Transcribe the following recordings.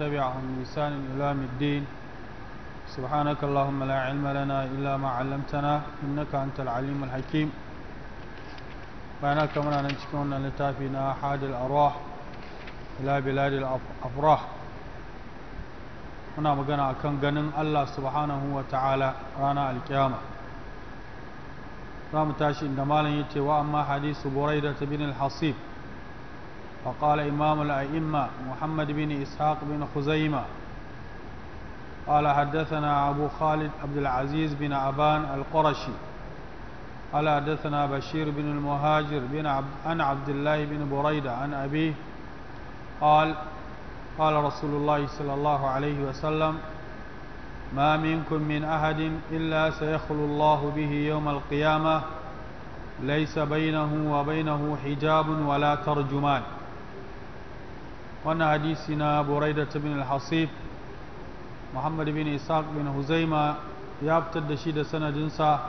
نتبعها من لسان الإلام الدين سبحانك اللهم لا علم لنا إلا ما علمتنا إنك أنت العليم الحكيم فأنا كمنا ننشكونا لتافينا أحد الأرواح إلى بلاد الأفراح هنا مقنا أكن قنن الله سبحانه وتعالى رانا الكيامة رام تاشي إن دمالا يتي وأما حديث بريدة بن الحصيب فقال إمام الأئمة محمد بن إسحاق بن خزيمة قال حدثنا أبو خالد عبد العزيز بن أبان القرشي قال حدثنا بشير بن المهاجر بن عبد عن عبد الله بن بريدة عن أبيه قال قال رسول الله صلى الله عليه وسلم ما منكم من أحد إلا سيخلو الله به يوم القيامة ليس بينه وبينه حجاب ولا ترجمان wannan hadisi na buraida ta bin al-hasib muhammad bin Isa bin huzaima ya fitar da shi da sanadinsa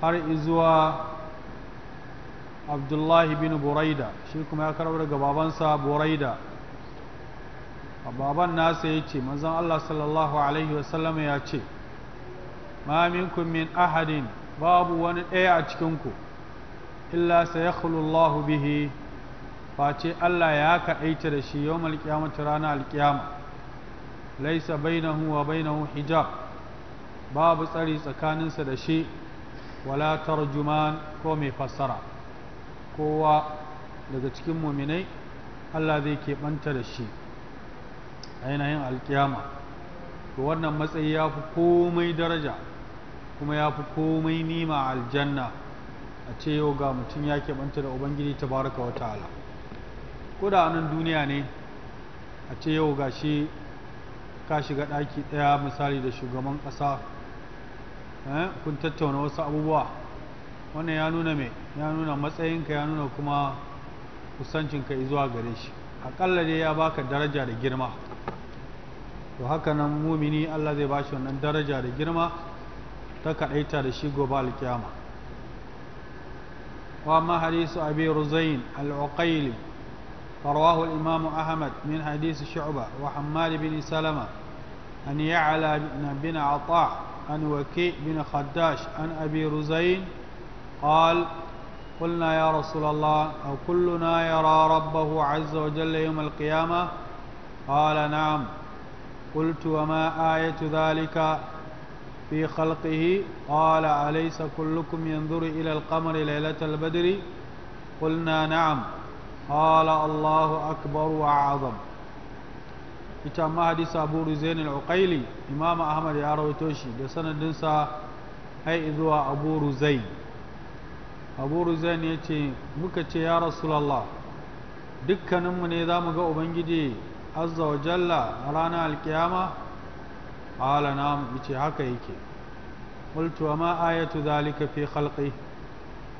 har izuwa abdullahi bin buraida shi kuma ya karbar daga babansa buraida baban nasa ya ce manzon allah sallallahu alaihi wasallam ya ce ma minkum min ahadin babu wani ɗaya a cikinku illa sayakhulu allahu bihi face Allah ya kaɗaita da shi yawmal qiyamati rana alƙiyama laisa bainahu wa bainahu hijab babu tsari tsakaninsa da shi wala tarjuman ko mai fassara kowa daga cikin muminai Allah zai keɓanta da shi ainihin alƙiyama to wannan matsayi ya fi komai daraja kuma ya fi komai nima aljanna a ce yau ga mutum ya keɓanta da ubangiji tabaraka wa ta'ala ko da nan duniya ne a ce yau shi ka shiga ɗaki ɗaya misali da shugaban ƙasa eh, kun tattauna wasu abubuwa wannan ya nuna mai ya nuna matsayinka ya nuna kuma kusancinka zuwa gare shi aƙalla dai ya baka daraja da girma to haka nan mumini Allah zai ba shi wannan daraja da girma ta kaɗaita da shi gobe alkiyama wa ma hadisu abi ruzain al-uqayli فرواه الإمام أحمد من حديث شعبة وحمال بن سلمة أن يعلى بن عطاء عن وكيء بن خداش عن أبي رزين قال قلنا يا رسول الله أو كلنا يرى ربه عز وجل يوم القيامة قال نعم قلت وما آية ذلك في خلقه قال أليس كلكم ينظر إلى القمر ليلة البدر قلنا نعم قال الله أكبر وأعظم إتما حديث أبو رزين العقيلي إمام أحمد يا رويتوشي ده سند ننسى هي إذوا أبو رزين أبو رزين يتي مكتي يا رسول الله dukkaninmu ne za mu ga Ubangiji azza wa jalla a ranar alkiyama ala na ce haka yake qultu wa ma ayatu zalika khalqi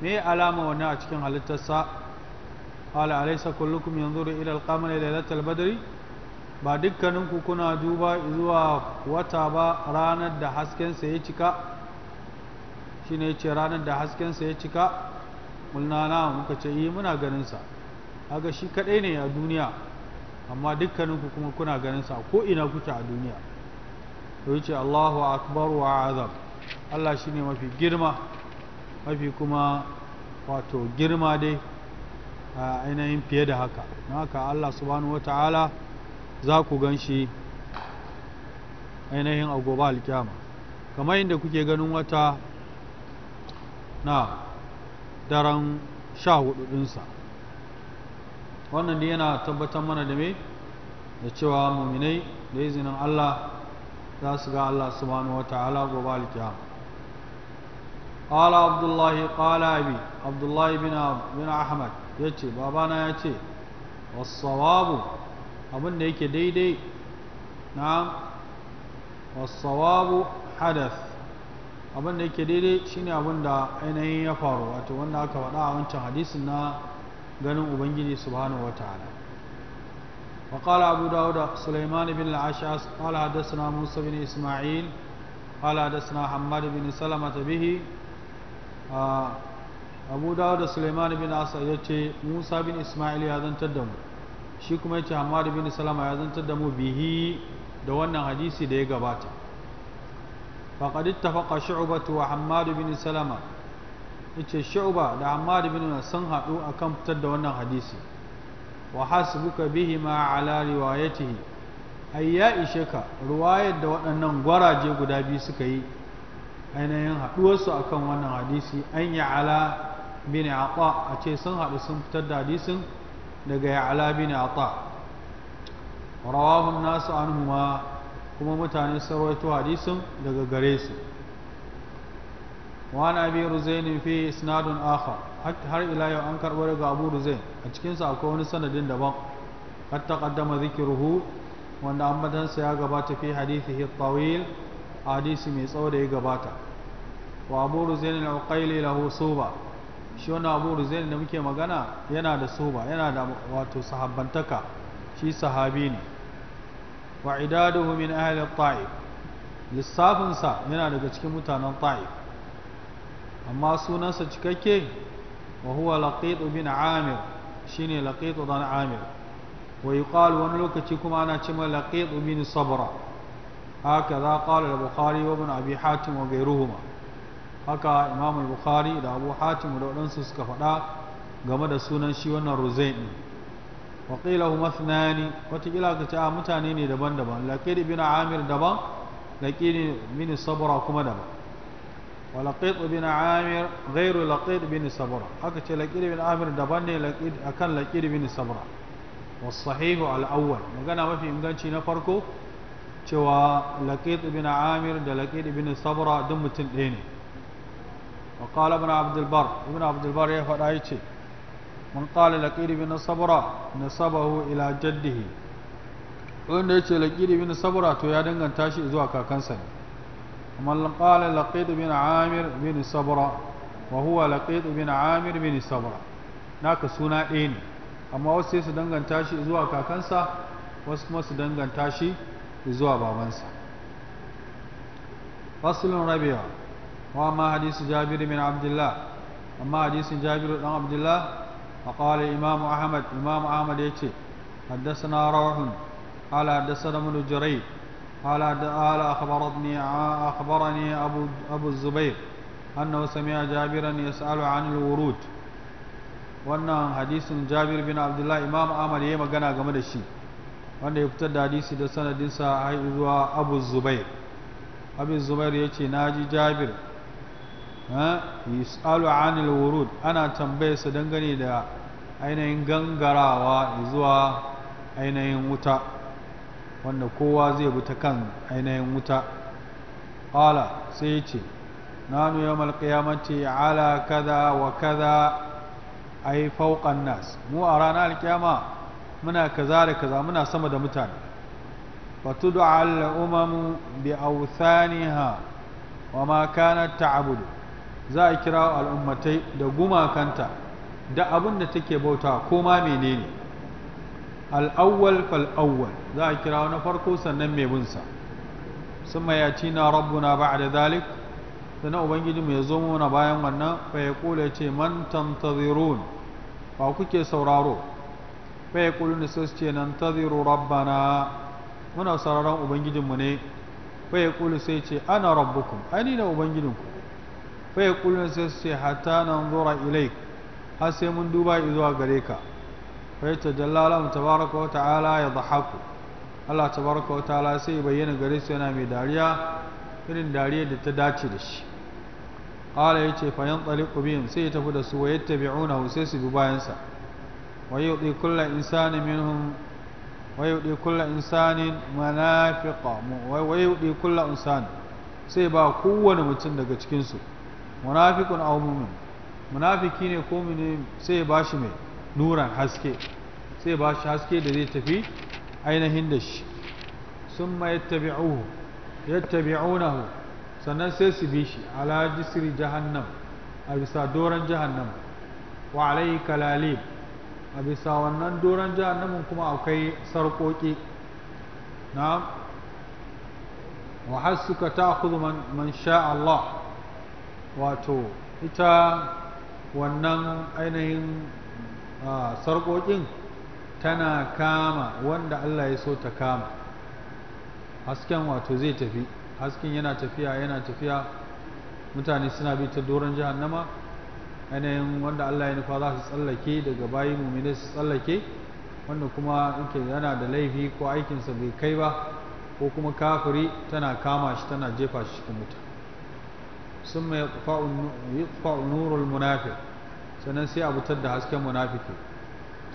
me alama wani a cikin halittarsa qala alaysa kullukum yanzuru ila al-qamari lailatal badri ba dukkaninku kuna duba zuwa wata ba ranar da haskensa ya cika shine yace ranar da haskensa ya cika mulna muka ce yi muna ganin sa kaga kadai ne a duniya amma dukkaninku kuma kuna ganin sa ko ina kuke a duniya to yace Allahu akbar wa Allah shine mafi girma mafi kuma wato girma dai ainihin fiye da haka na haka Allah subhanahu wata'ala za ku gan shi ainihin agoba alkyama kamar yadda kuke ganin wata na daren sha hudu dinsa wannan da yana tabbatar mana da me da cewa muminai da izinin Allah za su ga Allah subhanahu wata'ala gobe alkyama قال عبد الله قال أبي عبد الله بن بن أحمد ya ce babana ya ce wasawabu abin da yake daidai na wasawabu hadas abin da yake daidai shine abin da ainihin ya faru wato wanda aka faɗa a wancan hadisin na ganin ubangiji subhanahu wataala وقال أبو داود سليمان بن العشاس قال حدثنا موسى بن إسماعيل قال حدثنا حماد بن سلمة به آه abu dawo da suleiman bin asa ya ce musa bin ismail ya zantar da mu shi kuma ya ce hamad bin salama ya zantar da mu bihi da wannan hadisi da ya gabata faƙad ittafaqa shu'batu wa hamad bin salama yace shu'ba da hamad bin sun haɗu akan fitar da wannan hadisi wa hasbuka bihi ma ala riwayatihi ai ya ishe ka ruwayar da waɗannan gwaraje guda biyu suka yi ainihin haɗuwarsu akan wannan hadisi an yi ala bin ata a ce sun haɗu sun fitar da hadisin daga ya'ala bin ata rawahu nasu anhuma kuma mutane sarwaito hadisin daga gare su wa na bi ruzain fi isnadun akhar har ila yau an karɓar daga abu ruzain a sa akwai wani sanadin daban wanda قد ya gabata وان امدن سيا tawil hadisi mai tsawo da ya gabata. Wa Abu Ruzain al العقيل lahu suba shi wani abu ruzaini da muke magana yana da soba yana da wato sahabbantaka shi sahabi ne wa idaduhu min ahli ta'if lissafinsa yana daga cikin mutanen ta'if amma sunansa cikakke wa huwa laqit bin amir shine laqit dan amir wa yuqal wani lokaci kuma ana cewa laqit bin sabra hakaza qala al-bukhari wa ibn abi hatim wa ghayruhuma haka imam bukhari da abu hatim da waɗansu suka faɗa game da sunan shi wannan ruzain ɗin wa qila huma thnani wataƙila ka ce a mutane ne daban-daban laqid ibn amir daban laqid min sabra kuma daban wa laqid ibn amir ghairu laqid ibn sabra haka ce laqid ibn amir daban ne laqid akan laqid ibn sabra والصحيح على الأول magana mafi inganci na farko cewa laqid ibn amir da laqid ibn sabra duk mutum ɗaya ne وقال ابن عبد البر ابن عبد البر يا فدايتي من قال لقيد بن صبرا نسبه الى جده wanda ya ce laƙiri bin sabura to ya danganta shi zuwa kakansa ne amma laƙala laƙiɗu bin amir bin sabura wa huwa laƙiɗu bin amir bin sabura naka suna ɗaya ne amma wasu sai su danganta shi zuwa kakansa wasu kuma su danganta shi zuwa babansa fasulun rabiya وأما حديث جابر بن عبد الله أما حديث جابر بن عبد الله فقال الإمام أحمد إمام أحمد يتي حدثنا روح قال حدثنا ابن جريج قال قال أخبرتني أخبرني أبو أبو الزبير أنه سمع جابرا يسأل عن الورود wannan hadisin jabir bin abdullahi imam ahmad ya yi magana game da shi wanda ya fitar da hadisi da sanadinsa har zuwa abu zubair abu zubair ya ce na ji jabir yus'alu anil wurud ana tambaye su dangane da ainihin gangarawa zuwa ainihin wuta wanda kowa zai bi ta kan ainihin wuta qala sai ya ce nanu yawmal qiyamati ala kaza wa kaza ai fawqan nas mu a ranar alƙiyama. muna kaza da kaza muna sama da mutane fatud'a al umamu bi awthaniha wa ma kanat ta'budu za a kira al'ummatai da gumakanta da abin da take bauta ko ma menene al'awwal fal'awwal za a kira na farko sannan mai binsa sun mayaci na rabbuna ba da dalik sannan ubangiji ya zo mana bayan wannan fa ya kula ce man tantazirun ba kuke sauraro fa ya kula sai su ce nan taziru rabbana muna sauraron ubangijinmu ne fa ya kula sai ce ana rabbukum ani ubangijinku fa ya sai hatta nanzura ilaik har sai mun duba zuwa gare ka fa yatajalla lahu tabaraka wa ta'ala ya dhahaku Allah tabaraka wa ta'ala sai bayyana gare su yana mai dariya irin dariyar da ta dace da shi qala yace fa yanṭaliqu bihim sai ya tafi da su wa yattabi'unahu sai su bi bayansa wa yu'ti kullu insani minhum wa kullu insanin manafiqa wa kullu insani sai ba kowane mutum daga cikin su munafiqun aw mu'min munafiki ne ko mene sai ba shi mai nuran haske sai ba shi haske da zai tafi ainihin da shi sun ma yattabi'uhu yattabi'unahu sannan sai su bi shi ala jisri jahannam a bisa doron jahannam wa alai kalalib a bisa wannan doron jahannamin kuma akwai sarƙoƙi na wa hassuka ta man sha Allah wato ita wannan ainihin sarƙoƙin tana kama wanda Allah ya so ta kama hasken wato zai tafi hasken yana tafiya yana tafiya mutane suna bi ta doron nama ainihin wanda Allah ya nufa za su tsallake daga bayi mummina su tsallake wanda kuma yake yana da laifi ko aikinsa bai kai ba ko kuma kafiri tana kama shi tana jefa shi cikin wuta ثم يقفع يقفع نور المنافق sannan sai a fitar da hasken munafiki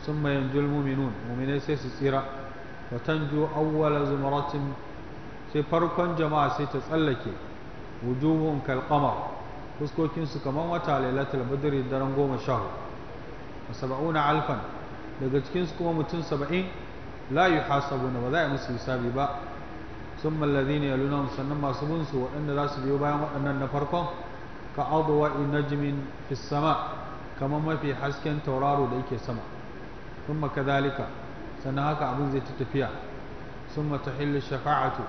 sun mayan minun muminai sai su tsira watan ju awwala zumaratin sai farkon jama'a sai ta tsallake wujuhun kalqama fuskokinsu kamar wata lailatul badri daren goma sha hudu saba'una alfan daga cikinsu kuma mutum saba'in la yuhasabuna ba za a yi musu hisabi ba sun mallazi ne yaluna sannan masu bin su waɗanda za su biyo bayan waɗannan na farkon ka abuwa inajimin fi sama kamar mafi hasken tauraro da yake sama sun makazalika sannan haka abin zai ta tafiya sun mata hillu shafa'atu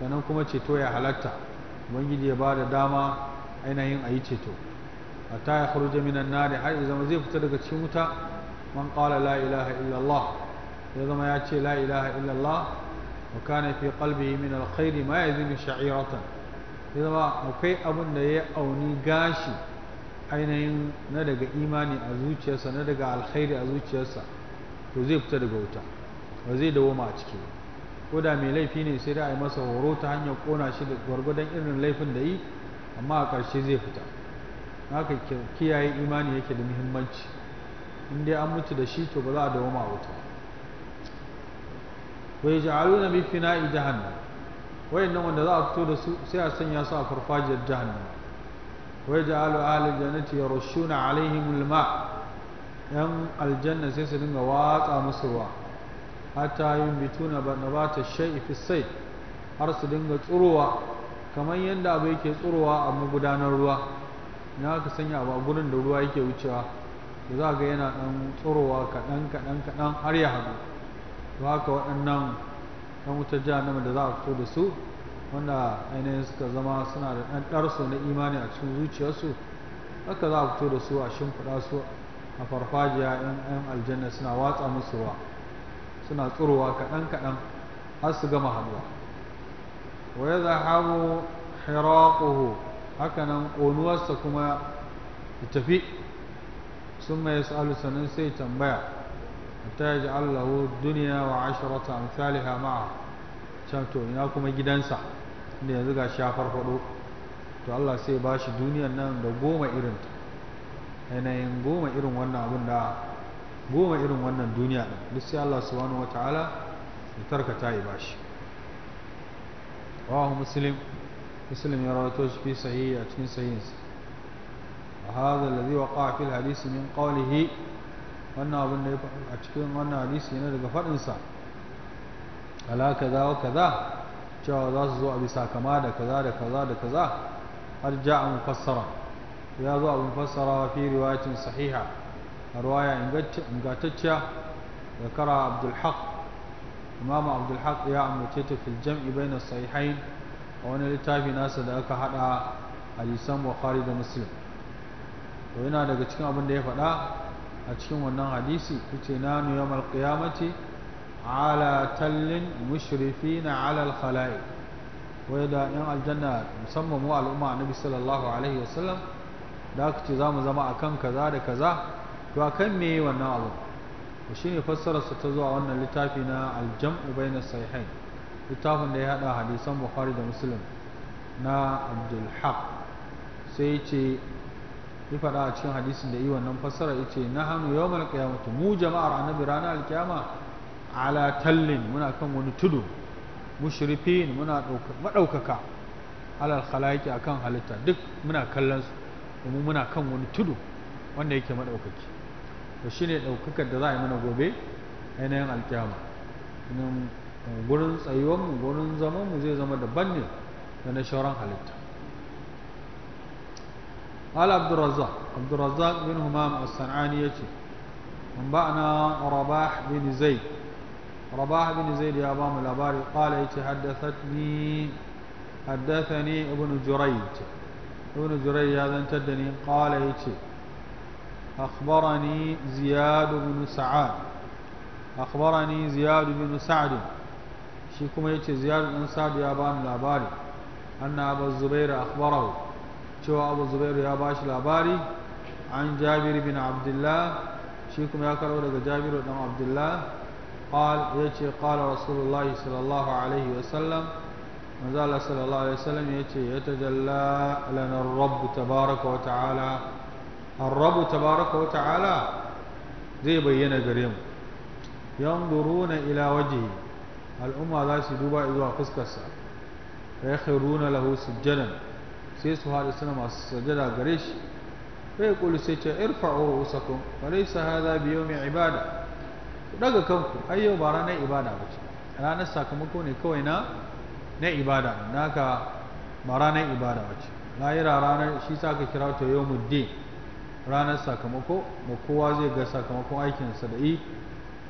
sannan kuma ceto ya halatta ubangiji ya ba da dama ainihin a yi ceto a ta ya kharuja minan nari har ya zama zai fita daga cikin wuta man qala la ilaha illallah ya zama ya ce la ilaha illallah وكان في ma من الخير ما يزيد شعيرة إذا ما مكي أبن يا أوني غاشي ainihin na daga imani a zuciyarsa na daga alkhairi a zuciyarsa to zai fita daga wuta ba zai dawoma a ciki ko da mai laifi ne sai da a yi masa horo ta hanyar kona shi da gwargwadon irin laifin da yi amma a ƙarshe zai fita haka kiyaye imani yake da muhimmanci in dai an mutu da shi to ba za a dawoma a wuta wa yaj'aluna bi hannu? jahannam wayannan wanda za a fito da su sai a sanya su a farfajiyar jahannam wa yaj'alu ahlul jannati yarushuna alaihim alma yan aljanna sai su dinga watsa musu ruwa hatta yumbituna nabata shay'i fi sai har su dinga tsurowa kamar yadda abu yake tsurowa a magudanar ruwa na aka sanya abu a gurin da ruwa yake wucewa da za ga yana ɗan tsurowa kaɗan kaɗan kaɗan har ya haɗu to haka waɗannan ɗan wutar jahannama da za a fito da su wanda ainihin suka zama suna da ɗanɗarsu na imani a cikin zuciyarsu haka za a fito da su a shimfiɗa su a farfajiya yan aljanna suna watsa musu wa suna tsurowa kaɗan kaɗan har su gama haɗuwa wa ya zahabu hiraquhu haka nan ƙonuwarsa kuma ya tafi sun mai sa'alu sannan sai tambaya حتى يجعل له الدنيا وعشرة أمثالها معه شمتو إناكم جدنسا إن يزقى شافر فضو تو الله سيباش دنيا نان دو قوم إرن هنا إن قوم إرن وانا أبن دا قوم إرن وانا الدنيا لسي الله سبحانه وتعالى يترك تايباش رواه مسلم مسلم يرى توش في صحيح أتفين صحيح وهذا الذي وقع في الحديث من قوله wannan abin da ya a cikin wannan hadisi yana daga faɗinsa ala kaza wa kaza cewa za su zo a bisa kama da kaza da kaza da kaza har ja'a mufassara ya zo a fassara fi riwayatin sahiha a riwaya ingantacciya da kara abdul haq imam abdul ya ambace ta fil jam'i bayna sahihain a wani littafi nasa da aka hada hadisan bukhari da muslim to yana daga cikin abin da ya faɗa a cikin wannan hadisi yace na yawmal qiyamati ala tallin mushrifina ala al khala'iq wai da yan aljanna musamman mu al'umma annabi sallallahu alaihi wasallam da aka ce zamu zama akan kaza da kaza to akan me wannan abu to shine fassarar sa ta zuwa wannan littafi na al-jam'u bayna sahihain littafin da ya hada hadisan bukhari da muslim na abdul haq sai ce ya fada a cikin hadisin da yi wannan fassara ya ce na hannu yau mal kiyamata mu jama'ar annabi ranar alkiyama ala tallin muna kan wani tudu mushrifin muna maɗaukaka alal khalaiki akan halitta duk muna kallon su domin muna kan wani tudu wanda yake maɗaukaki to shine ɗaukakar da za a yi mana gobe yanayin alkiyama eh, gurin tsayuwanmu gurin mu zai zama daban ne da na shauran halitta قال عبد الرزاق عبد الرزاق بن همام الصنعاني يتي أنبأنا رباح بن زيد رباح بن زيد يا أبام الأباري قال يتي حدثتني حدثني ابن جريج ابن جريج هذا انتدني قال يتي أخبرني زياد بن سعد أخبرني زياد بن سعد شيكم يتي زياد بن سعد يا أبام الأباري أن أبا الزبير أخبره cewa abu zubairu ya bashi labari an jabir bin abdullah shi kuma ya karo daga jabir dan abdullah qal yace qala rasulullahi sallallahu alaihi wa wasallam manzo Allah sallallahu alaihi wasallam yace tajalla lana ar-rabb tabaaraka wa ta'ala ar-rabb tabaaraka wa ta'ala zai bayyana gare mu yanzuruna ila wajhi al'umma za su duba zuwa fuskarsa fa yakhruna lahu sujjadan sai su hada suna masu sajada gare shi Sai kulu sai ce irfa'u usakum walaysa hadha bi yawmi ibada daga kanku ai yau ba ranar ibada ba ce ranar sakamako ne kawai na na ibada naka ba ranar ibada ba ce lahira ranar shi sa ka kira ta yawmuddin ranar sakamako da kowa zai ga sakamakon aikinsa da yi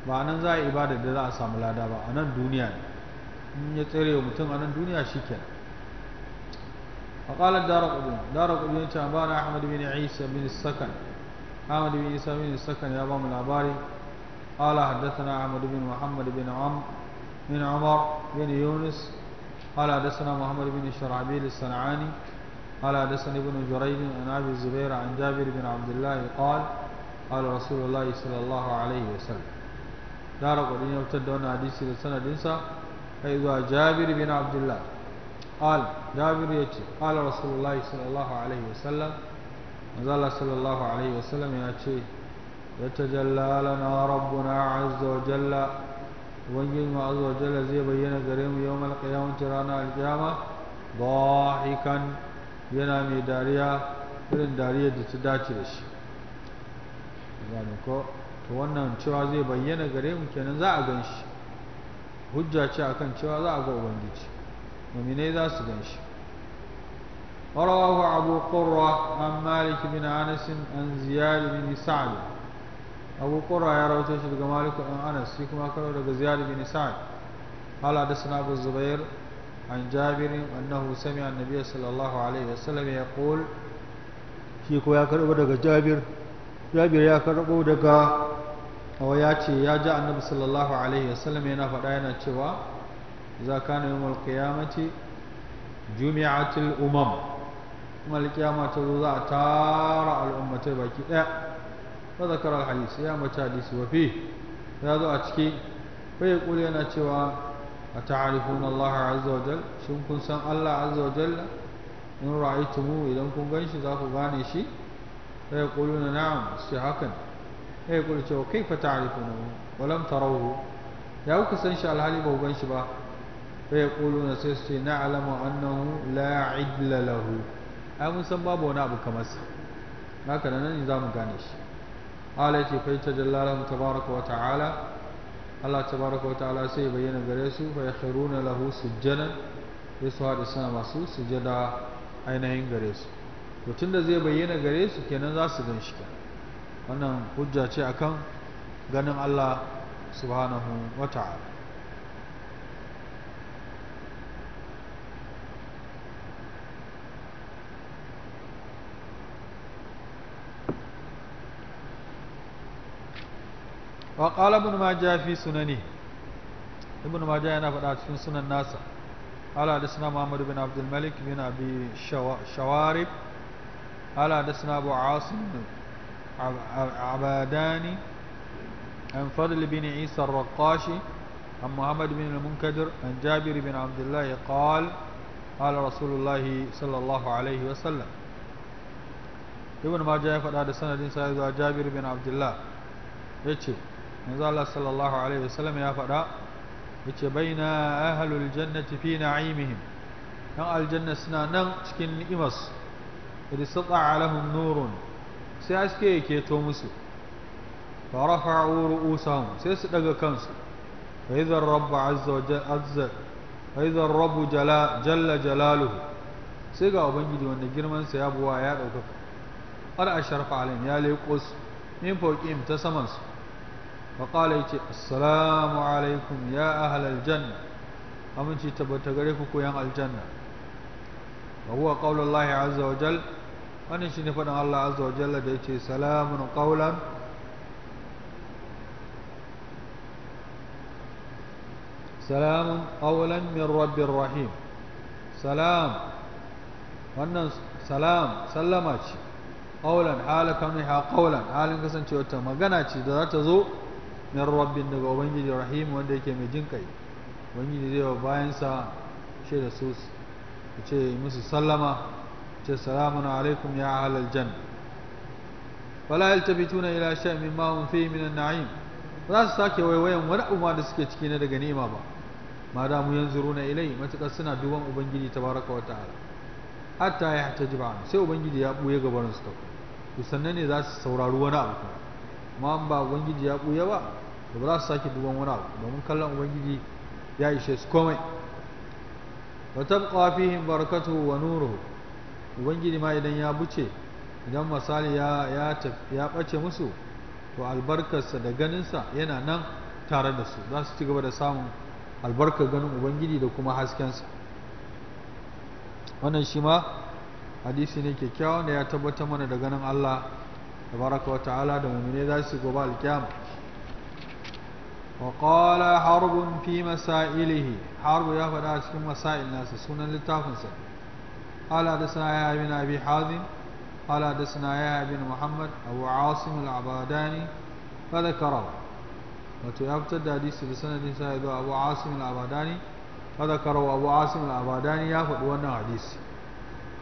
ba nan za a ibada da za a samu lada ba a nan duniya ne in ya tsere mutum a nan duniya shi kenan وقال الدار قبون دار قبون تهبار أحمد بن عيسى بن السكن أحمد بن عيسى بن السكن يا أبام العباري قال حدثنا أحمد بن محمد بن عم بن عمر بن يونس قال حدثنا محمد بن شرعبيل الصنعاني قال حدثني ابن جريج عن أبي الزبير عن جابر بن عبد الله قال قال رسول الله صلى الله عليه وسلم دار قبون يبتدون حديثي لسنة دنسا فإذا جابر بن عبد الله قال جابر يتي قال رسول الله صلى الله عليه وسلم وزال صلى الله عليه وسلم يأتي يتجلى لنا ربنا عز وجل وبنجم عز وجل زي بينا قريم يوم القيامة رانا القيامة ضاحكا ينامي داريا irin dariyar da ta dace da shi gane ko to wannan cewa zai bayyana gare mu kenan za a gan shi hujja ce akan cewa za a ga ubangiji mumine za su gan shi rawahu abu qurra an malik bin anas an ziyad bin sa'd abu qurra ya rawata shi daga malik bin anas shi kuma karo daga ziyad bin sa'd hala da sana abu an jabir annahu sami'a annabiy sallallahu alaihi wasallam ya qul shi ko ya karbo daga jabir jabir ya karbo daga wa ya ce ya ji annabi sallallahu alaihi wasallam yana faɗa yana cewa إذا كان يوم القيامة جمعت الأمم يوم القيامة تضع تارع الأمة باكي إيه. فذكر الحديث يا متاديس وفيه هذا أتكي فيقول أنا توا أتعرفون الله عز وجل شنكن سن الله عز وجل إن رأيتموه إذا كن غنش ذاك غانشي فيقولون نعم استحقا فيقول توا كيف تعرفونه ولم تروه يا كسن شاء الحالي بو غنش با Kuɗan Kulu na Cessie na la cidina lahu. Ya mun san babu wani abu kamar su. Na kanana ni za gane shi. Alayyi ce, fai ta Jalalimu ta barika wata ala, Allah ta barika wata sai ya bayyana gare su fa ya lahu su janan sai su masu suje da ainihin gare su. Kotun da zai bayyana gare su kenan za su ganshi kan. Wannan hujja ce akan ganin Allah su baha nahu wa qala ibn majah fi sunani ibn majah yana faɗa cikin sunan nasa قال حدثنا محمد بن عبد الملك بن ابي شوارب قال حدثنا ابو عاصم عباداني عن فضل بن عيسى الرقاشي عن محمد بن المنكدر عن جابر بن عبد الله قال قال رسول الله صلى الله عليه وسلم ابن ما جاء فقد سند سيد جابر بن عبد الله يتشي manzo Allah sallallahu alaihi wasallam ya faɗa yace baina ahlul jannati fi na'imihim dan aljanna suna nan cikin ni'imas idan sata'a lahum nurun sai aske yake to musu fa rafa'u ru'usahum sai su daga kansu fa idza rabb azza wa jalla fa idza rabb jala jalla jalaluhu sai ga ubangiji wanda girman sa ya buwa ya dauka a asharfa alaihim ya leko su min fawqihim ta saman su faƙala ce assalamu alaikum ya ahal aljanna aminci tabbata gare ku koyan aljanna wa huwa qaulullahi azza wa jal faɗin Allah azza wa jalla da yace salamun qaulan salamun qaulan rahim salam wannan salam sallama ce qaulan halaka minha qaulan halin kasancewa ta magana ce da za ta zo min rabbin daga ubangiji rahim wanda yake mai jin kai ubangiji zai wa bayansa ce da su ce musu sallama ce salamun alaikum ya ahlal jan wala yaltabituna ila shay'in mimma hum fihi min an-na'im za su sake waiwayan wani abu da suke ciki na daga ni'ima ba ma da mu yanzuruna ilai matakar suna duban ubangiji tabaraka wa ta'ala hatta yahtajiba sai ubangiji ya buye gabarinsu su ta sannan ne za su saurari wani abu amma ba ubangiji ya buya ba to ba za su sake duban wani abu domin kallon ubangiji ya ishe su komai wa tabqa fihim barakatuhu wa nuruhu ubangiji ma idan ya buce idan misali ya ya bace musu to albarkarsa da ganinsa yana nan tare da su za su ci gaba da samun albarkar ganin ubangiji da kuma haskensa wannan shi ma hadisi ne kyakkyawan da ya tabbatar mana da ganin Allah tabaraka wa ta'ala da mu'mine za su gobe alkiyama wa qala harbun fi masailihi harbu ya faɗa a cikin masail nasa sunan littafinsa ala da suna ya abin abi hazim ala da sana ya bin muhammad abu asim al-abadani fa dhakara wato ya fitar da hadisi da sanadin sa ya zo abu asim al-abadani fa dhakara abu asim al-abadani ya faɗi wannan hadisi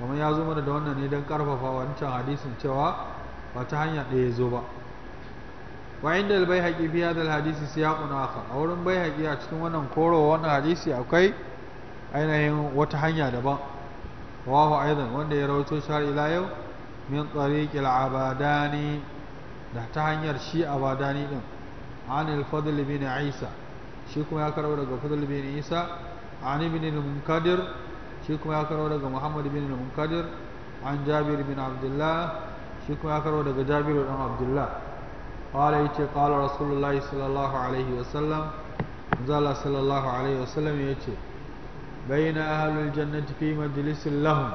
kamar ya zo mana da wannan ne don karfafa wancan hadisin cewa ba ta hanya ɗaya zo ba wa inda albayhaqi fi hadha alhadisi siyaqun akhar a wurin bai bayhaqi a cikin wannan koro wannan hadisi akwai ainihin wata hanya daban rawahu aidan wanda ya rawaito shar ila yau min tariqil abadani da ta hanyar shi abadani din an al-fadl bin isa shi kuma ya karo daga fadl bin isa an ibn al-munkadir shi kuma ya karo daga muhammad bin al-munkadir an jabir bin abdullah shi kuma ya karo daga jabiru dan abdullah qala yace qala rasulullahi sallallahu alaihi wasallam zala sallallahu alaihi wasallam yace bayna ahlul jannati fi majlisin lahum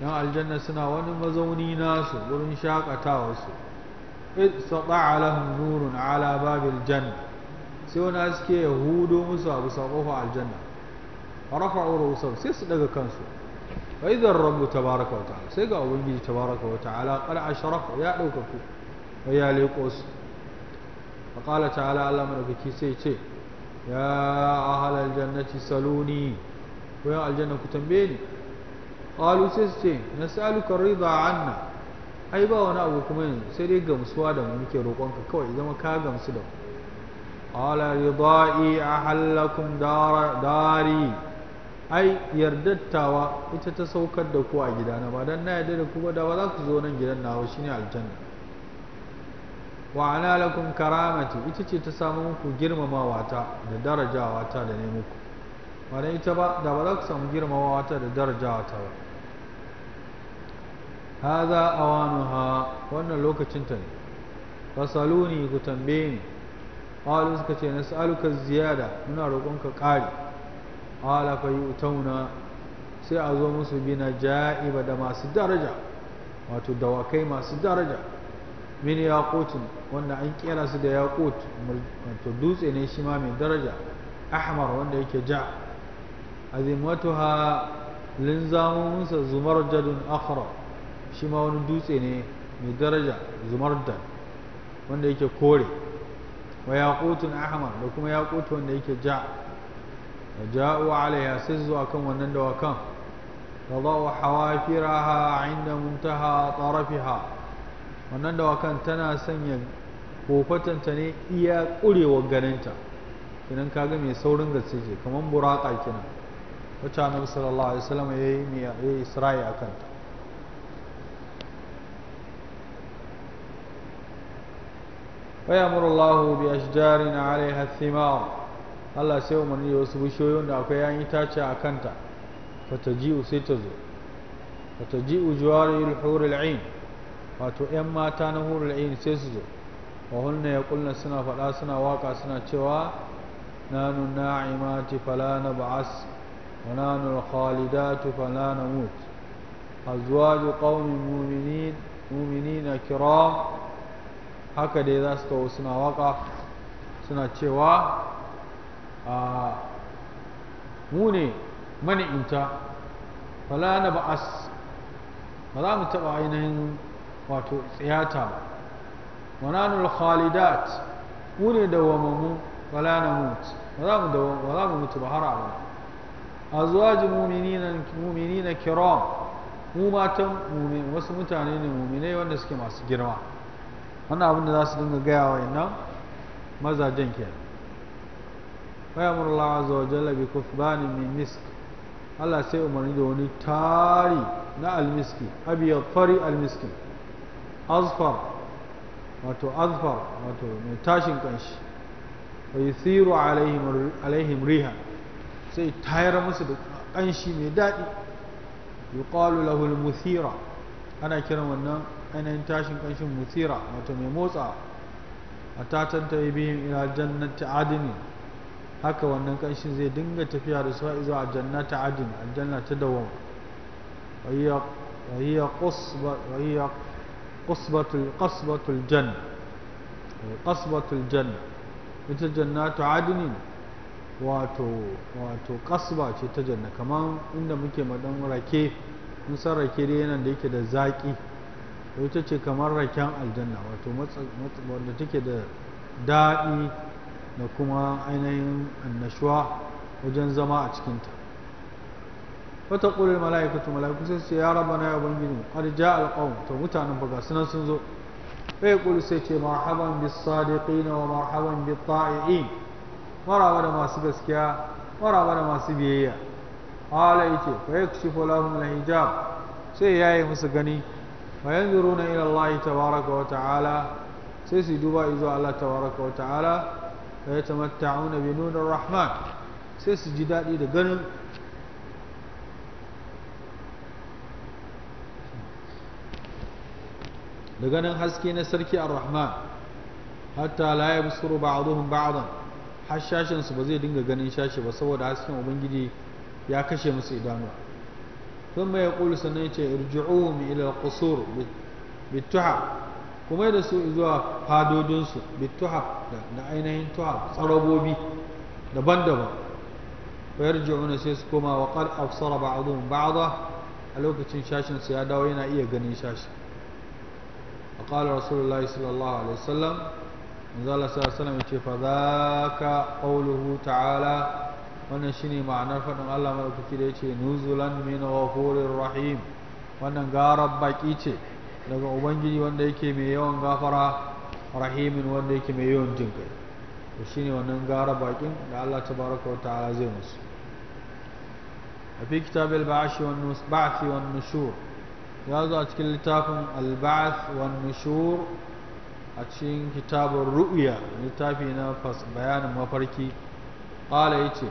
dan aljanna suna wani mazauni nasu wurin shakatawa su id sata'a lahum nurun ala babil janna sai wani haske ya hudo musu abu sa kofa aljanna rafa'u rusau sai su daga kansu fa idan rabbu tabaraka wa ta'ala sai ga ubangiji tabaraka wa ta'ala qad asharafa ya dauka ku wa ya leko su fa qala ta'ala Allah madaukaki sai ce ya ahlal jannati saluni ko aljanna ku tambaye ni ce sai su ce nas'aluka rida anna ai ba wani abu kuma yanzu sai dai gamsuwa da mu muke roƙonka kawai zama ka gamsu da mu qala ridai ahallakum dari ai yardattawa ita ta saukar da ku a gidana ba dan na yarda da ku ba da ba za ku zo nan gidan shi shine aljanna wa ana lakum karamati ita ce ta samu muku girmamawa ta da darajawa ta da ne muku ba dan ita ba da ba za ku samu girmamawa ta da darajawa ta ba haza awanuha wannan lokacin ta ne fasaluni ku tambaye ni qalu suka ce nas'aluka ziyada muna roƙonka ƙari ala fa yu'tauna sai a zo musu bina ja'iba da masu daraja wato dawakai masu daraja min yaqutin wanda an kera su da yaqut wato dutse ne shi ma mai daraja ahmar wanda yake ja ha azimatuha zumar jadun akhra shi ma wani dutse ne mai daraja da wanda yake kore wa yaqutun ahmar da kuma yaqut wanda yake ja' وجاءوا عليها سزوا كم ونندوا كم وضعوا حوافرها عند منتهى طرفها ونندوا كم تنا سنيا kofatanta ne iya ƙurewar ganinta kinan kaga mai saurin gaske ce kamar buraka kinan wacce annabi sallallahu alaihi wasallam yayi yayi isra'i akan ta ويأمر الله بأشجار عليها الثمار Allah sai umarni da wasu bishiyoyin da akwai yan itace a kanta fataji'u sai ta zo fataji'u juwaril hurul ain wato yan mata na hurul ain sai su zo wa hunna yaqulna suna faɗa suna waka suna cewa nanu na'imati fala nab'as wa nanu khalidatu fala namut azwaj qaumin mu'minin mu'minina kiram haka dai za su kawo suna waka suna cewa a mu ne mani'inta fala na ba'as ba za mu taɓa ainihin wato tsiyata ba wananul khalidat mu ne dawamamu fala na mutu ba za mu mutu ba har ji mumini na kiram mu matan wasu mutane ne muminai wanda suke masu girma wannan abin da za su dinga gaya wa nan mazajen kenan wa ya murla wa zuwa jalabi kufbani min misk Allah sai umarni da wani tari na almiski abiyar fari almiski azfar wato azfar wato mai tashin kanshi wa yuthiru alaihim riha sai tayar musu da kanshi mai daɗi yuqalu lahu ana kiran wannan ainihin tashin kanshin muthira wato mai motsa a tatanta bihim adinin haka wannan kanshi zai dinga tafiya da su zuwa jannata adin aljanna ta dawam wa hiya qasbatul qasbatul janna qasbatul janna ita jannatu adinin wato wato kasba ce ta janna kamar inda muke madan rake mun san rake dai yana da yake da zaki ita ce kamar raken aljanna wato wanda take da daɗi da kuma ainihin annashuwa wajen zama a cikinta wata ƙulil mala'ikatu mala'iku sai ce ya raba na yabon gini har ja alƙawun ta mutanen baga sunan sun zo ɗaya ƙulil sai ce marhaban bi sadiqin wa marhaban bi ta'i'in maraba da masu gaskiya maraba da masu biyayya ala yace fa yakshifu lahum na hijab sai ya yi musu gani fa yanzuruna ila Allah tabaraka wa ta'ala sai su duba izo Allah tabaraka wa ta'ala wa ya auna bi nunar rahman sai su ji daɗi da ganin da ganin haske na sarki ar-rahman hatta la yabsuru ba'dhum ba'dan har shashin su ba zai dinga ganin shashi ba saboda hasken ubangiji ya kashe musu idanuwa thumma yaqulu sannan yace irji'u ila al-qusur kuma da su zuwa fadodinsu bituha da ainihin tuha tsarabobi daban-daban wayar ji'una sai su koma wa qad absara ba'dhum ba'dha a lokacin shashin su ya dawo yana iya ganin shashi a qala rasulullahi sallallahu alaihi wasallam Allah sallallahu alaihi ce fa zaka qawluhu ta'ala wannan shine ma'anar faɗin Allah madaukaki da yace nuzulan min ghafurir rahim wannan garar baki ce daga ubangiji wanda yake mai yawan gafara rahimin wanda yake mai yawan jin kai to shine wannan gara bakin da Allah baraka wa ta'ala zai musu a fi kitab al-ba'th wa nushur ya zo a cikin littafin al-ba'th wa nushur a cikin kitabun ru'ya littafi na bayanin mafarki qala yace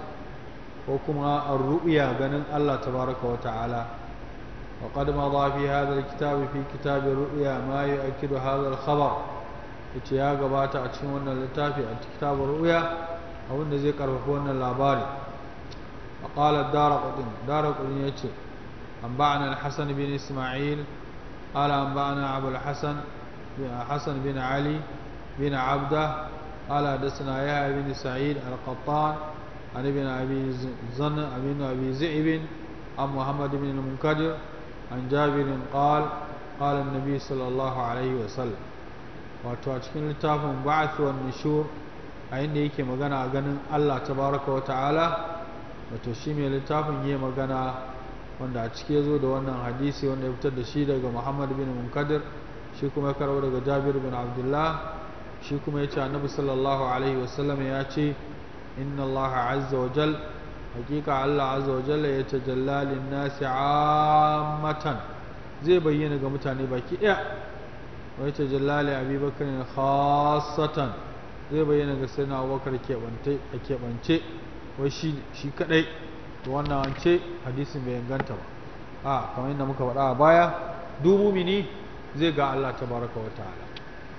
ko kuma ar-ru'ya ganin Allah baraka wa ta'ala وقد مضى في هذا الكتاب في كتاب الرؤيا ما يؤكد هذا الخبر yace ya gabata a cikin wannan littafi a kitabun ru'ya a wanda zai karfafa wannan labari a ƙalar darakudin darakudin ya ce an ba'ana hassan bin ismail ala an ba'ana abu hassan hassan bin ali bin abda ala da suna yaya bin sa'id al-qattan an ibn abi zanna abin abi zaibin an muhammad bin al-munkadir an jabirin qal قال النبي صلى الله عليه وسلم wato a cikin littafin ba'ath wa nushur a inda yake magana a ganin Allah tabaraka wa ta'ala wato shi mai littafin yayi magana wanda a cike zo da wannan hadisi wanda ya fitar da shi daga Muhammad bin Munkadir shi kuma ya daga Jabir bin Abdullah shi kuma ya ce Annabi sallallahu alaihi wasallam ya ce inna Allah azza wa jalla hakika Allah azza wa jalla ya tajalla lin nasi ammatan zai bayyana ga mutane baki daya wa ya tajalla li abi bakr khassatan zai bayyana ga sayyidina Abubakar kebante a kebance wai shi shi kadai to wannan wance hadisin bai ganta ba a kamar yadda muka faɗa a baya Dubu mini zai ga Allah tabaraka wa ta'ala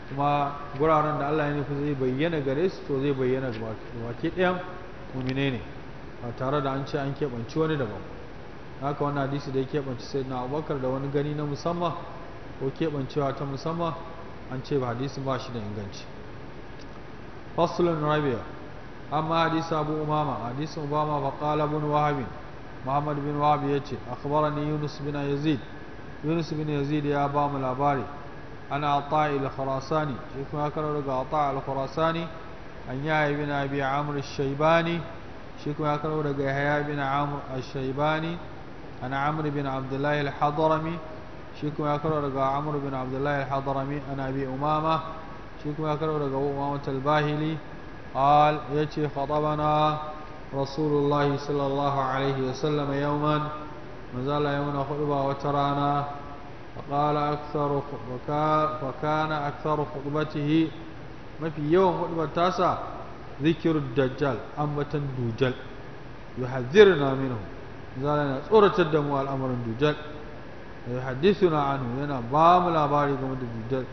kuma guraren da Allah ya nufi zai bayyana gare su to zai bayyana ga wake ɗayan ne ba tare da an ce an keɓanci wani daban haka wani hadisi da ya keɓanci sai na abubakar da wani gani na musamman ko keɓancewa ta musamman an ce ba hadisin ba shi da inganci fasulun rabia amma hadisi abu umama hadisin umama fa qala bin wahab muhammad bin wahab yace akhbarani yunus bin yazid yunus bin yazid ya ba mu labari ana ata'i al-khurasani shi kuma karo daga ata'i al-khurasani an yayi bin abi amr ash-shaybani shi kuma ya karo daga Yahya bin Amr al-Shaybani an Amr bin Abdullah al-Hadrami shi kuma ya karo daga Amr bin Abdullah al-Hadrami an Abi Umama Umama قال يجي خطبنا رسول الله صلى الله عليه وسلم يوما ما زال خطبة وترانا فقال أكثر فكان أكثر خطبته ما في يوم خطبة تاسع ذكر الدجال أمة دوجل يحذرنا منه زالنا صورة الدم والأمر الدجال ويحدثنا عنه لنا بام الأباري قم الدجال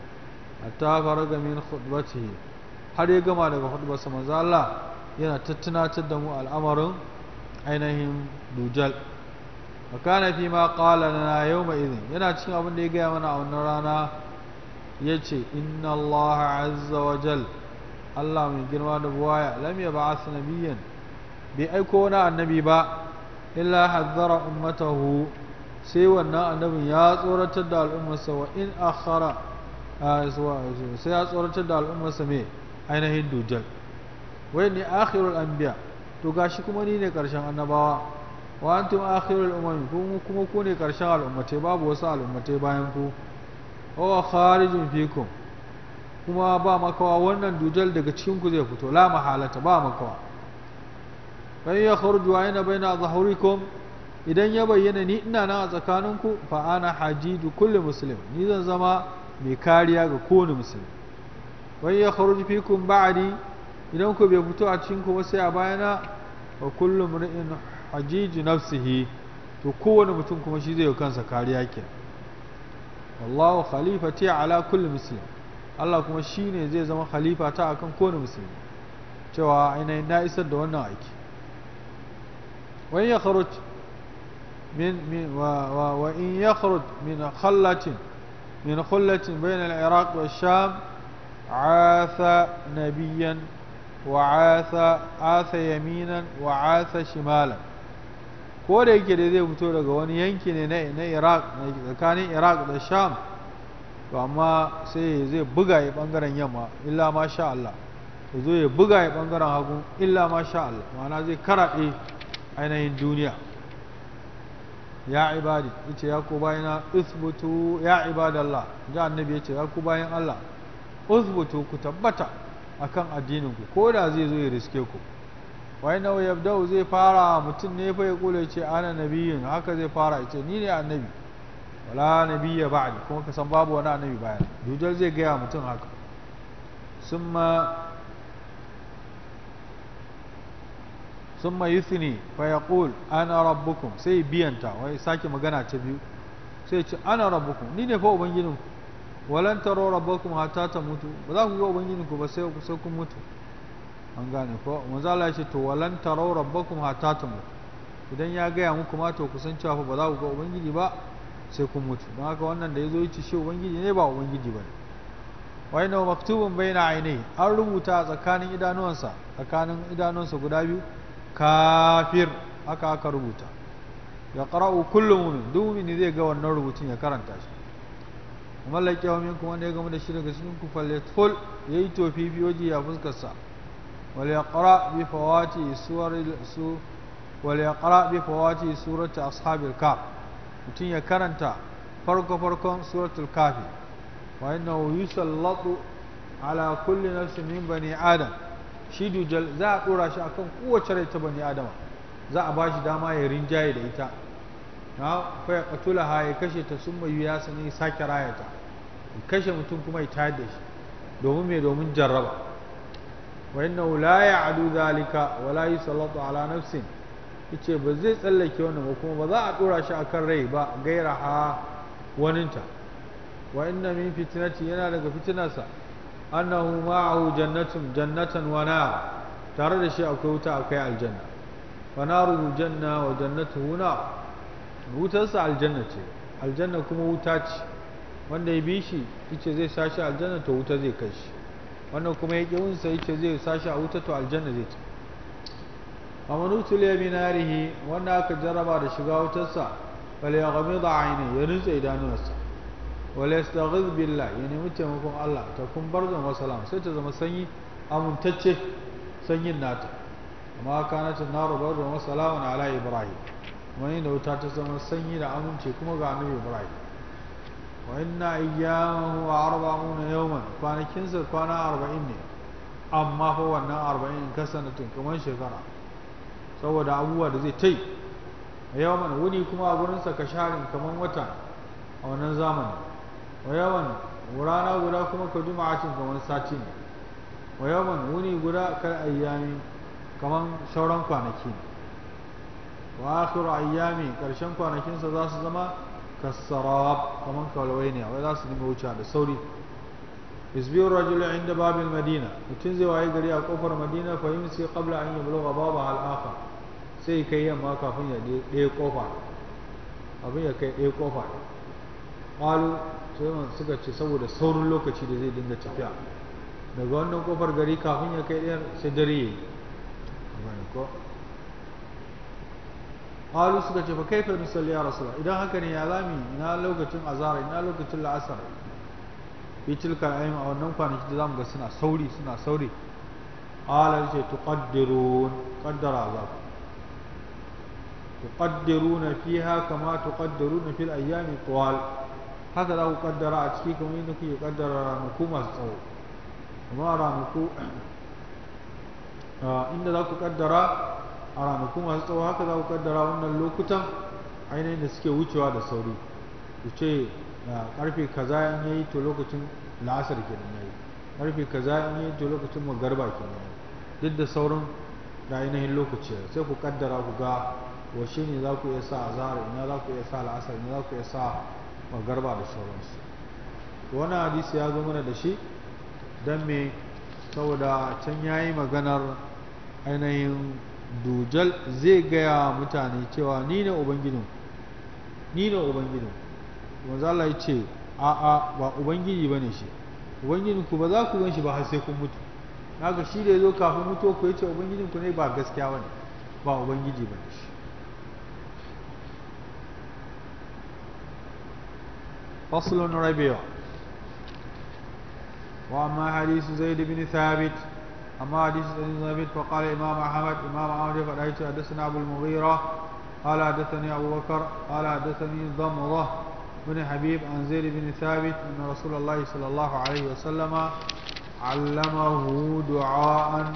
حتى فرق من خطبته har ya gama daga hudubarsa manzo Allah yana tattunatar da mu al'amarin ainihin dujal wa kana fi ma qala lana yawma idhin yana cikin abin da ya gaya mana a rana yace inna Allah Allah mai girma da buwaya lam ya ba'as nabiyyan bai aiko wani annabi ba illa hazzara ummatahu sai wannan annabin ya tsoratar da al'ummarsa wa in akhara sai ya tsoratar da al'ummarsa mai ainihin dujal wai ne akhirul anbiya to gashi kuma ni ne karshen annabawa wa antum akhirul umami kuma ku ne karshen al'ummatai babu wasu al'ummatai bayan ku wa kharijun fikum kuma ba makawa wannan dujal daga cikin ku zai fito la mahalata ba makawa fa ya kharju aina baina zahurikum idan ya bayyana ni ina nan a tsakaninku fa ana hajiju kulli muslim ni zan zama mai kariya ga kowane Muslim. wa ya kharju fikum ba'di idan ku bai fito a cikin ku sai a bayana wa kullu mar'in hajiju nafsihi to kowane mutum kuma shi zai yi kansa kariya ke allahu khalifati ala kulli muslim Allah kuma ne zai zama khalifa ta akan kowane musulmi cewa ainihin na isar da wannan aiki wa in yakhruj min wa in yakhruj min khallatin min khallatin bayna al wa sham عاث نبيا وعاث عاث يمينا وعاث ko da yake da zai fito daga wani yanki ne na iraq tsakanin iraq da sham to amma sai zai buga ya bangaren yamma illa ma sha Allah ya zo ya buga ya bangaren hagu illa ma sha Allah ma'ana zai karaɗe ainihin duniya ya ibadi yace ya ku bayan isbutu ya ibadallah da annabi yace ya ku bayan Allah usbutu ku tabbata akan addinin ku ko da zai zo ya riske ku wai nawa yabda'u zai fara mutum ne fa ya kula yace ana nabiyin haka zai fara yace ni ne annabi wala biya ba kuma ka san babu wani annabi bayan dujal zai gaya mutum haka summa summa yuthni fa yaqul ana rabbukum sai biyanta wai sake magana ta biyu sai ce ana rabbukum ni ne fa ubangijin ku walan taro rabbukum hatta ta mutu ba za ku ga ubangijin ku ba sai ku sai kun mutu an gane ko manzo Allah ya ce to walan taro rabbukum hata ta mutu idan ya gaya muku ma to kusan cewa ba za ku ga ubangiji ba sai kun mutu don haka wannan da ya zo ci shi ubangiji ne ba ubangiji ba ne wai na maktubun bai na aine an rubuta a tsakanin idanuwansa tsakanin idanuwansa guda biyu kafir haka aka rubuta ya qara'u kullu mu'min duk mu'mini zai ga wannan rubutun ya karanta shi kuma laƙiya wa minku wanda ya gama da shi daga cikin ku ya yayi tofi biyoji ya fuskarsa sa ya yaqra bi fawati suwar su wal bi fawati ashabil kaf mutum ya karanta farko farkon suratul kafi wa innahu yusallatu ala kulli nafsin min bani adam shi dujal za a dora shi akan kowace rai ta bani adama za a bashi dama ya rinjaye da ita na fa ya ha ya kashe ta summa ya sani sake ya kashe mutum kuma ya tayar da shi domin mai domin jarraba wa wula ya adu zalika wala yi yusallatu ala nafsin yace ba zai tsallake wannan ba kuma ba za a dora shi akan rai ba gaira ha waninta wa inna min fitnati yana daga fitinarsa annahu ma'ahu jannatun jannatan wa na tare da shi akwai wuta akwai aljanna fa naru janna wa jannatuhu wutar wutarsa aljanna ce aljanna kuma wuta ce wanda ya bi shi yace zai sashi aljanna to wuta zai kai shi wannan kuma ya ƙi wunsa yace zai sashi a wuta to aljanna zai ci wa man utila bi narihi wanda aka jarraba da shiga wutarsa fal yaghmid ayni ya rutsa idanuwarsa wal yastaghiz billah ya nemi taimakon Allah ta kun barzan wa salam sai ta zama sanyi amintacce sanyin nata amma kanat an-naru barzan wa salamun ala ibrahim wani da wuta ta zama sanyi da amince kuma ga annabi ibrahim wa inna iyyahu arba'una yawman kwanakinsa kwana arba'in ne amma fa wannan arba'in in kasa na kamar shekara saboda abubuwa da zai ta yi a yawan wuni kuma a gurinsa ka sharin kamar wata a wannan zamani wa yawan rana guda kuma ka juma'atin kamar sati ne wa yawan wuni guda kar ayyami kamar sauran kwanaki ne wa akhiru ayyami karshen kwanakinsa za su zama kasarab kamar kalwai ne wai za su nemi wuce da sauri isbiyu rajulu inda babin madina mutum zai waye gari a kofar madina fa yumsi qabla an yablugha babaha al-akhar sai kai yamma kafin ya ɗaya ƙofa abin ya kai ɗaya ƙofa ƙwalu sai suka ce saboda saurin lokaci da zai dinga tafiya daga wannan ƙofar gari kafin ya kai ɗayar sai dare ya yi ƙwalu suka ce fa kai fa misali ya rasu idan haka ne ya zami ina lokacin azara ina lokacin la'asar bitil tilka ayyam a wannan kwanaki da zamu ga suna sauri suna sauri qala ce tuqaddirun ƙaddara za ku tuqaddiruna fiha kama tuqaddiruna fil ayyami tuwal haka za ku kaddara a ciki kamar yadda kuke kaddara ranaku masu tsawo amma ranaku ah, inda za ku kaddara a ranaku masu tsawo haka za ku kaddara wannan lokutan ainihin da suke wucewa da sauri ku ce ah, karfe kaza in yayi to lokacin la'asar kenan yayi karfe kaza in yayi to lokacin magarba kenan duk da sauran da ainihin lokaci sai ku ƙaddara ku ga washe ne za ku iya sa a azhar ina za ku iya sa la'asar ina za ku iya sa magarba da sauransu wannan hadisi ya zo mana da shi don me saboda can ya yi maganar ainihin dujal zai gaya mutane cewa ni ne ubangijin ni ne ubangijin wanzu Allah ya ce a'a ba ubangiji ba ne shi ubangijin ku ba za ku gan shi ba har sai kun mutu haka shi da ya zo kafin mutuwa ku ya ce ubangijin ku ne ba gaskiya ba ne ba ubangiji ba ne shi فصل ربيع وأما حديث زيد بن ثابت أما حديث زيد بن ثابت فقال إمام أحمد إمام أحمد فرأيت حدثنا أبو المغيرة قال حدثني أبو بكر قال حدثني ضمضة بن حبيب عن زيد بن ثابت أن رسول الله صلى الله عليه وسلم علمه دعاء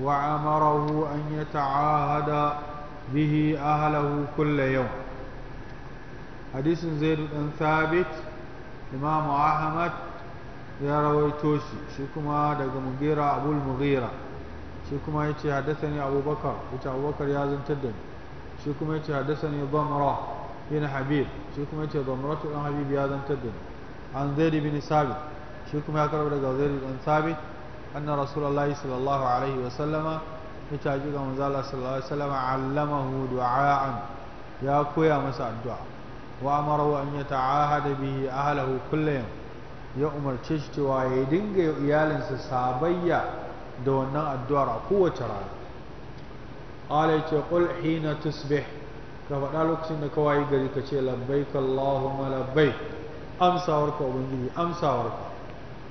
وأمره أن يتعاهد به أهله كل يوم hadisin zaidu ɗan thabit imam ahmad ya rawaito shi shi kuma daga mugira abul mugira shi kuma ya ce haddasa ne abubakar ita abubakar ya zantar da shi kuma ya ce haddasa ne zamra bin habib shi kuma ya ce zamratu dan habib ya zantar da ni an zaid bin shi kuma ya karɓa daga zaid dan sabit anna rasulullahi sallallahu alaihi wa ya koya masa addu'a وأمره أن يتعاهد به أهله كل يوم يأمر تشتوى يدنغ يالن سابيا دون الدوار قوة رانا قال قل حين تصبح كما قالوا كسين كواي غري كشي لبيك اللهم لبيك أمسى ورك أبنجي أمسى ورك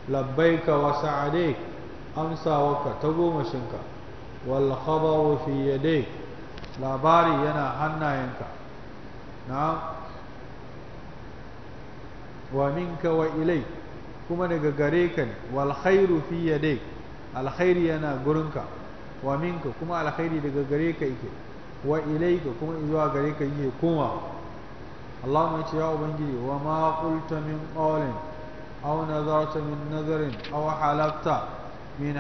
لبيك وسعديك أمسى ورك تقوم شنك والخبر في يديك labari yana hannayenka na'am wa minka wa ilai kuma daga gare ka ne wal khairu fi yadayk alkhairi yana gurinka wa minka kuma alkhairi daga gare ka yake wa ilaika kuma zuwa gare ka yake koma Allahumma ce ya ubangiji wa ma qulta min qawlin aw nazarta min nazarin aw halafta min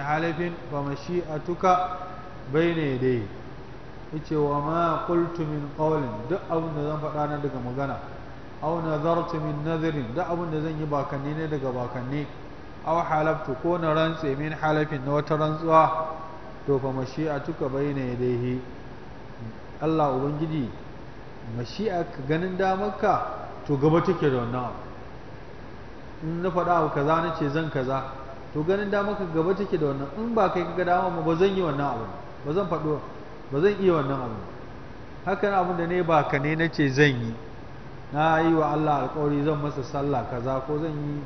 tuka bai ne bayna yadayhi yace wa ma kulta min qawlin duk abin da zan faɗa na daga magana aw nazartu min nazarin da abin da zan yi bakanni ne daga bakanni aw halaftu ko na rantse min halafin na wata rantsuwa to fa mashi'atuka bayna yadayhi Allah ubangiji mashi'a ganin damarka to gaba take da wannan abu in na faɗa abu kaza na ce zan kaza to ganin damarka gaba take da wannan in ba kai kaga ma ba zan yi wannan abu ba zan faɗo ba zan iya wannan abu hakan abin da ne ba ka ne na ce zan yi na yi wa Allah alkawari zan masa sallah kaza ko zan yi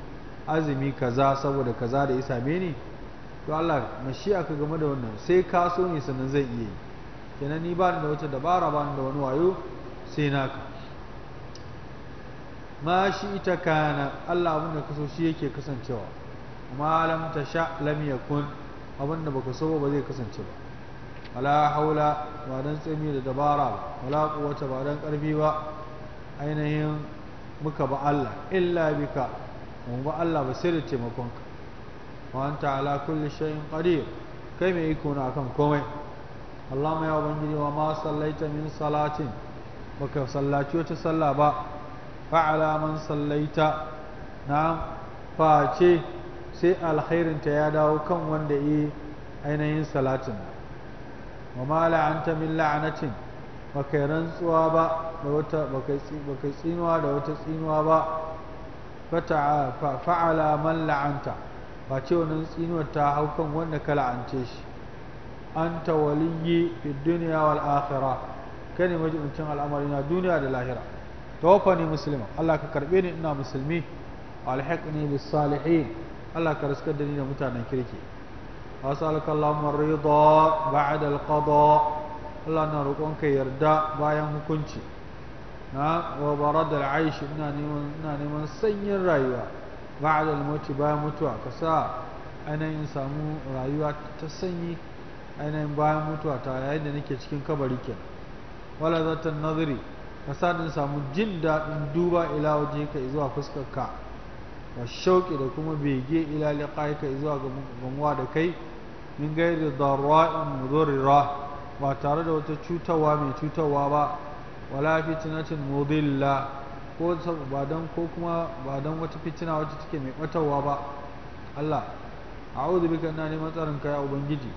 azumi kaza saboda kaza da ya same ni to Allah mashi'a ka game da wannan sai ka so ne sannan zan iya yi kenan ni ba ni da wata dabara ba ni da wani wayo sai naka ma shi ita kana Allah abin da kaso shi yake kasancewa amma lam tasha lam yakun abin da baka so ba zai kasance ba wala haula ba dan tsami da dabara ba wala quwwata ba dan karfi ba ainihin muka ba Allah illa bika mun ba Allah ba sai da taimakonka wa anta ala kulli shay'in qadir kai mai iko na kan komai ma ya ubangiji wa ma sallaita min salatin baka sallaci wata sallah ba fa'ala man sallaita na face sai alkhairinta ya dawo kan wanda yi ainihin salatin wa ma la'anta min la'anatin bakai rantsuwa ba da wata tsinuwa da wata tsinuwa ba fa'ala man la'anta ba ce wannan tsinuwar ta hau kan wanda ka la'ance shi anta waliyyi fi duniya wal akhirah kai ne al'amari na duniya da lahira ne muslima Allah ka karbe ni ina musulmi ne bi salihin Allah ka riskar da ni da mutanen kirki asalaka Allahumma rida ba'da al qada Allah na roƙonka yarda bayan hukunci na wa da aishi ina neman ina neman sanyin rayuwa ba a mauti bayan mutuwa ka sa ainihin samu rayuwa ta sanyi ainihin bayan mutuwa ta yayin da nake cikin kabari ke wala zartar nazari ka sa din samu jin daɗin duba ila waje ka zuwa fuskar ka wa shauƙi da kuma bege ila liƙa ka zuwa gamuwa da kai min gairi darra'in mudurrira ba tare da wata cutarwa mai cutarwa ba wala fitnatin mudilla ko ba dan ko kuma ba dan wata fitina wacce take mai batarwa ba Allah a'udhu bika na neman tsarin kai ubangiji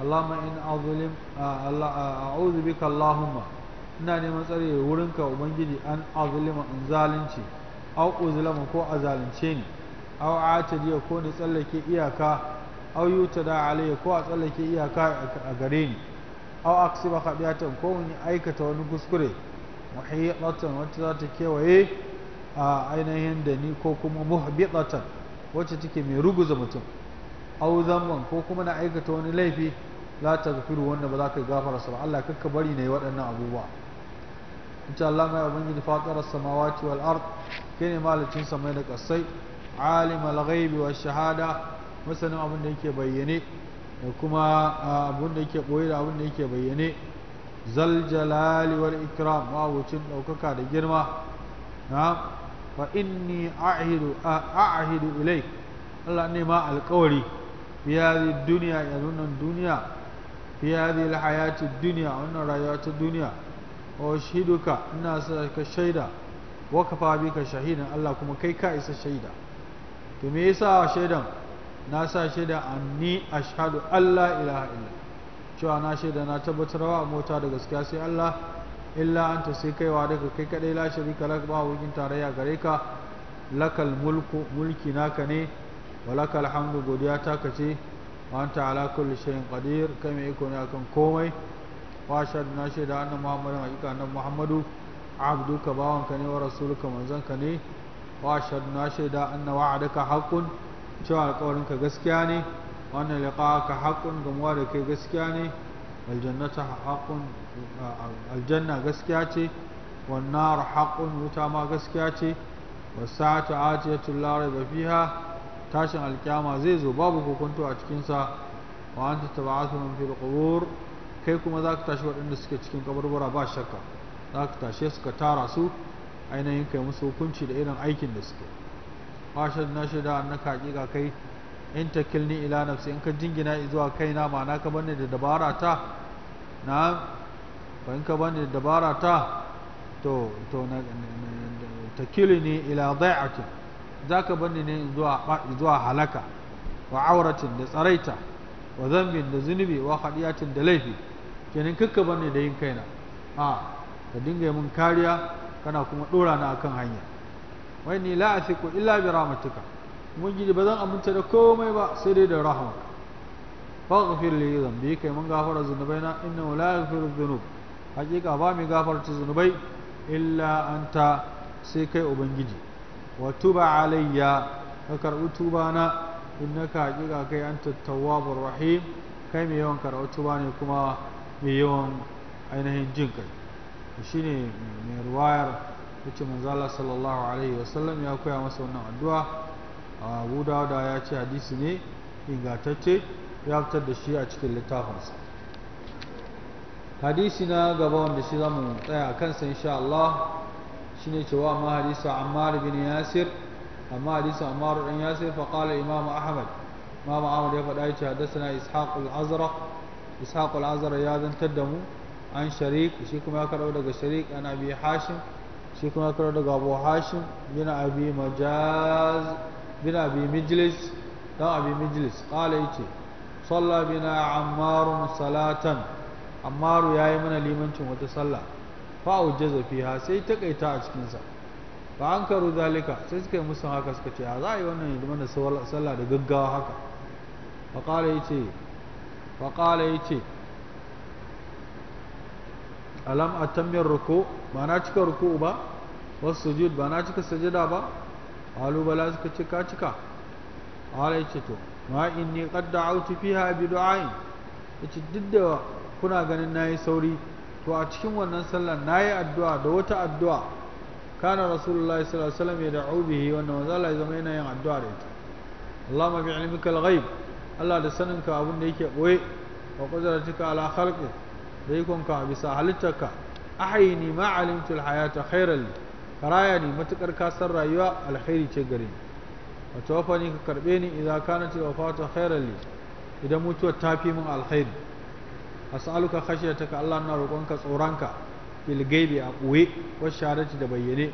Allahumma in azlim Allah a'udhu bika Allahumma ina neman tsare wurinka ubangiji an azlima in zalunci au uzlama ko azalunce ni au atadi ko ni tsallake iyaka au yutada alayya ko a tsallake iyaka a gare ni aw aksiba khadiatan ko in aikata wani kuskure muhiyatan wacce za ta kewaye a ainihin da ni ko kuma muhbitatan wacce take mai ruguza mutum aw zamban ko kuma na aikata wani laifi la taghfiru wanda ba za ka gafara sa ba Allah kakka bari ne waɗannan abubuwa insha Allah mai ubangiji fatarar samawati wal ard kene malicin samai da kasai alim ghaibi wash shahada masanin abin da yake bayyane da kuma abin da yake boye da abin da yake bayyane zal jalali wal ikram mawucin da girma na fa inni a'hidu a'hidu ilaik Allah ne ma alƙawari fi hadhihi dunya ya wannan duniya fi hadhihi alhayati dunya wannan rayuwa ta duniya wa shiduka, ina sa ka shaida wa kafa bika shahidan Allah kuma kai ka isa shaida to me yasa shaidan na sa shaida anni ashhadu Allah ilaha illa cewa na shaida na tabbatarwa a mota da gaskiya sai Allah illa anta sai wa daga kai kadai la sharika lak ba wakin tarayya gare ka lakal mulku mulki naka ne walakal hamdu godiya ta ce wa anta ala kulli shay'in qadir kai mai iko ne akan komai wa na shaida annan muhammadin hakika nan muhammadu abduka bawanka ne wa rasuluka manzanka ne wa na shaida anna wa'adaka haqqun cewa alƙawarin ka gaskiya ne wannan liqa ka gamuwa da kai gaskiya ne aljanna gaskiya ce wannan nar wuta ma gaskiya ce wasa'atu atiyatu la raiba fiha tashin alkiyama zai zo babu hukunto a cikinsa sa wa anta tab'athu min fil qubur kai kuma za ka tashi waɗanda suke cikin kaburbura ba shakka ka tashi suka tara su ainihin kai musu hukunci da irin aikin da suke mashad na shaida annaka hakika kai in kilni ila nafsi in ka jingina zuwa kaina ma'ana ka bani da dabara ta na ba in ka bani da dabara ta to to na kilni ila za ka bani ne zuwa zuwa halaka wa auratin da tsaraita wa zambin da zunubi wa hadiyatin da laifi kenan kakka bani da yin kaina a ka dinga mun kariya kana kuma dora na akan hanya wai ni la asiku illa bi rahmatika mun ji ba zan da komai ba sai dai da rahama faghfir li dhanbi kai mun gafara zunubai na inna la yaghfiru dhunub hakika ba mi gafarta zunubai illa anta sai kai ubangiji wa tuba alayya ka karbi tubana innaka hakika kai anta tawwabur rahim kai mai yawan karɓar tuba ne kuma mai yawan ainihin jin kai shine mai ruwayar yace manzala sallallahu alaihi wasallam ya koya masa wannan addu'a Abu da ya ce hadisi ne ingantacce ya fitar da shi a cikin littafinsa hadisi na gaba wanda shi zamu tsaya a kansa insha Allah shine cewa ma hadisa Ammar bin Yasir amma hadisa Ammar bin Yasir fa qala Imam Ahmad ma Ahmad ya faɗa yace hadathana Ishaq al-Azraq Ishaq ya zantar da mu an Sharik shi kuma ya karɓo daga Sharik an Abi Hashim shi kuma kira daga abu hashim bin abi majaz bin abi mijlis dan abi mijlis kala yace salla bina ammarun salatan ammaru yi mana limancin wata sallah fa ujaza ha sai takaita a cikinsa ba an karu zalika sai suka yi musu haka suka ce a za a yi wannan yadda da tsalla da gaggawa haka fa kala ce fa kala yace alam atammin ruku cika ruku ba wasu sujud ba na cika sajada ba qalu bala suka ce ka cika qala yace to ma inni qad da'awtu fiha bi du'ain yace duk da kuna ganin nayi sauri to a cikin wannan sallar nayi addu'a da wata addu'a kana rasulullahi sallallahu alaihi wasallam yad'u bihi wannan manzo Allah zama yana addu'a da ita Allahumma bi'ilmika al-ghaib Allah da saninka abin da yake boye wa qudratika ala khalqi da ikonka bisa halittarka ahayni ma alimtu al-hayata khairan karaya ne matukar kasar rayuwa alkhairi ce gare ni wato ka karɓe ni idan ka na wafatu khairan li idan mutuwar ta fi min alkhairi as'aluka khashyataka Allah na roƙonka tsoronka fil a ɓoye wasu shahadati da bayyane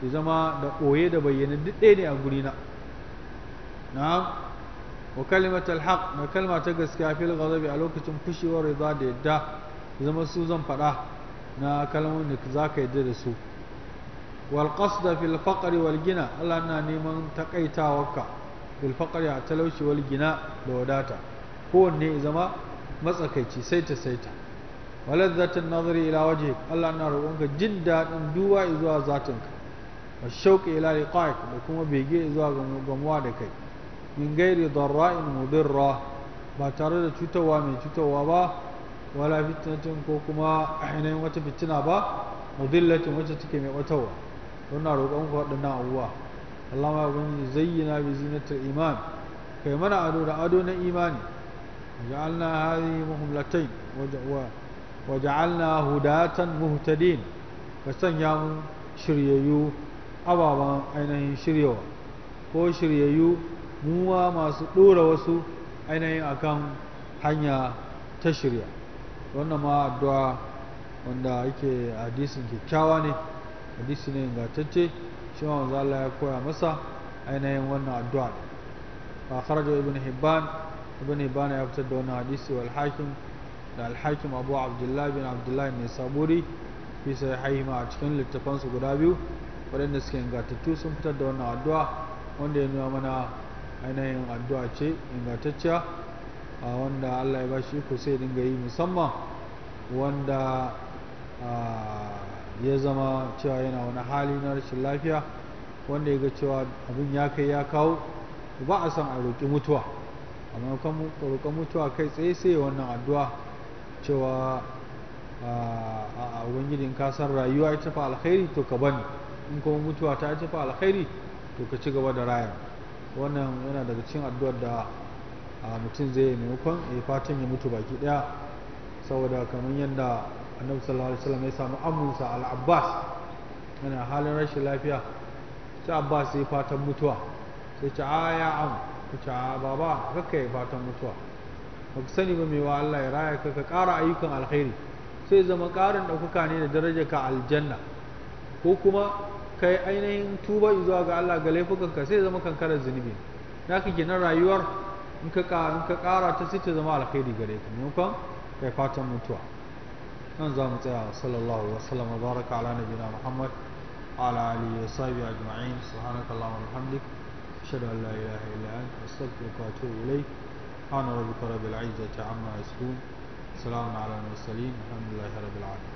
ya zama da ɓoye da bayyane duk ɗaya ne a guri na na'am wa kalimatul haq na kalma ta gaskiya fil ghadabi a lokacin fushewar rida da yadda zama su zan faɗa na kalmomin da zaka yadda da su wal qasda fil faqri wal gina Allah na neman takaitawarka fil faqri a talauci wal gina da wadata kowanne zama matsakaici saita saita waladzatin nazari ila wajhik Allah na roƙonka jin daɗin duwa zuwa zatinka wa shauƙi ila liqa'ik da kuma bege zuwa gamuwa da kai min gairi darra'in mudirra ba tare da cutarwa mai cutarwa ba wala fitnatin ko kuma ainihin wata fitina ba mudillatin wacce take mai ɓatarwa muna roƙon ku waɗannan abubuwa Allah ya yi zayyana bi zinatul iman kai mana ado da ado na imani ja'alna hadhihi muhimlatayn wa ja'alna hudatan muhtadin ka sanya mu shiryayyu ababen ainihin shiryawa ko shiryayyu muwa masu ɗora wasu ainihin akan hanya ta shirya wannan ma addu'a wanda yake hadisin kyakkyawa ne hadisi ne ingantacce shi ma wanzu Allah ya koya masa ainihin wannan addu'a fa kharaja ibn hibban ibn hibban ya fitar da wannan hadisi wal hakim da al hakim abu abdullah bin abdullahi ne saburi fi sahihi ma a cikin littafan su guda biyu waɗanda suke ingantattu sun fitar da wannan addu'a wanda ya nuna mana ainihin addu'a ce ingantacciya a wanda Allah ya bashi iko sai dinga yi musamman wanda ya zama cewa yana wani hali na rashin lafiya wanda ya ga cewa abin ya kai ya kawo ba a son a roƙi mutuwa amma kan roƙon mutuwa kai tsaye sai wannan addu'a cewa a ubangijin ka san rayuwa ya tafi alkhairi to ka bani in kuma mutuwa ta ya tafi alkhairi to ka ci gaba da raya wannan yana daga cikin addu'ar da mutum zai yi maimakon ya fatan ya mutu baki daya saboda kamar yadda annabi sallallahu alaihi wasallam ya samu amunsa al-abbas yana halin rashin lafiya sai abbas ya fatan mutuwa sai ce aya ah, am ku ah, baba kake fatan mutuwa ba ku sani ba mai wa Allah ya raya ka ka ƙara ayyukan alkhairi sai zama ƙarin ɗaukaka ne da daraja ka aljanna ko kuma kai yi ainihin tuba zuwa ga Allah ga laifukan ka sai zama kankarar zunubi na kake na rayuwar in ka ƙara ta sai ta zama alkhairi gare ka maimakon kai fatan mutuwa نظام صلى الله عليه وسلم وبارك على نبينا محمد وعلى آله وصحبه أجمعين سبحانك اللهم وبحمدك أشهد أن لا إله إلا أنت أستغفرك وأتوب إليك سبحان ربك رب العزة عما يصفون سلام على المرسلين الحمد لله رب العالمين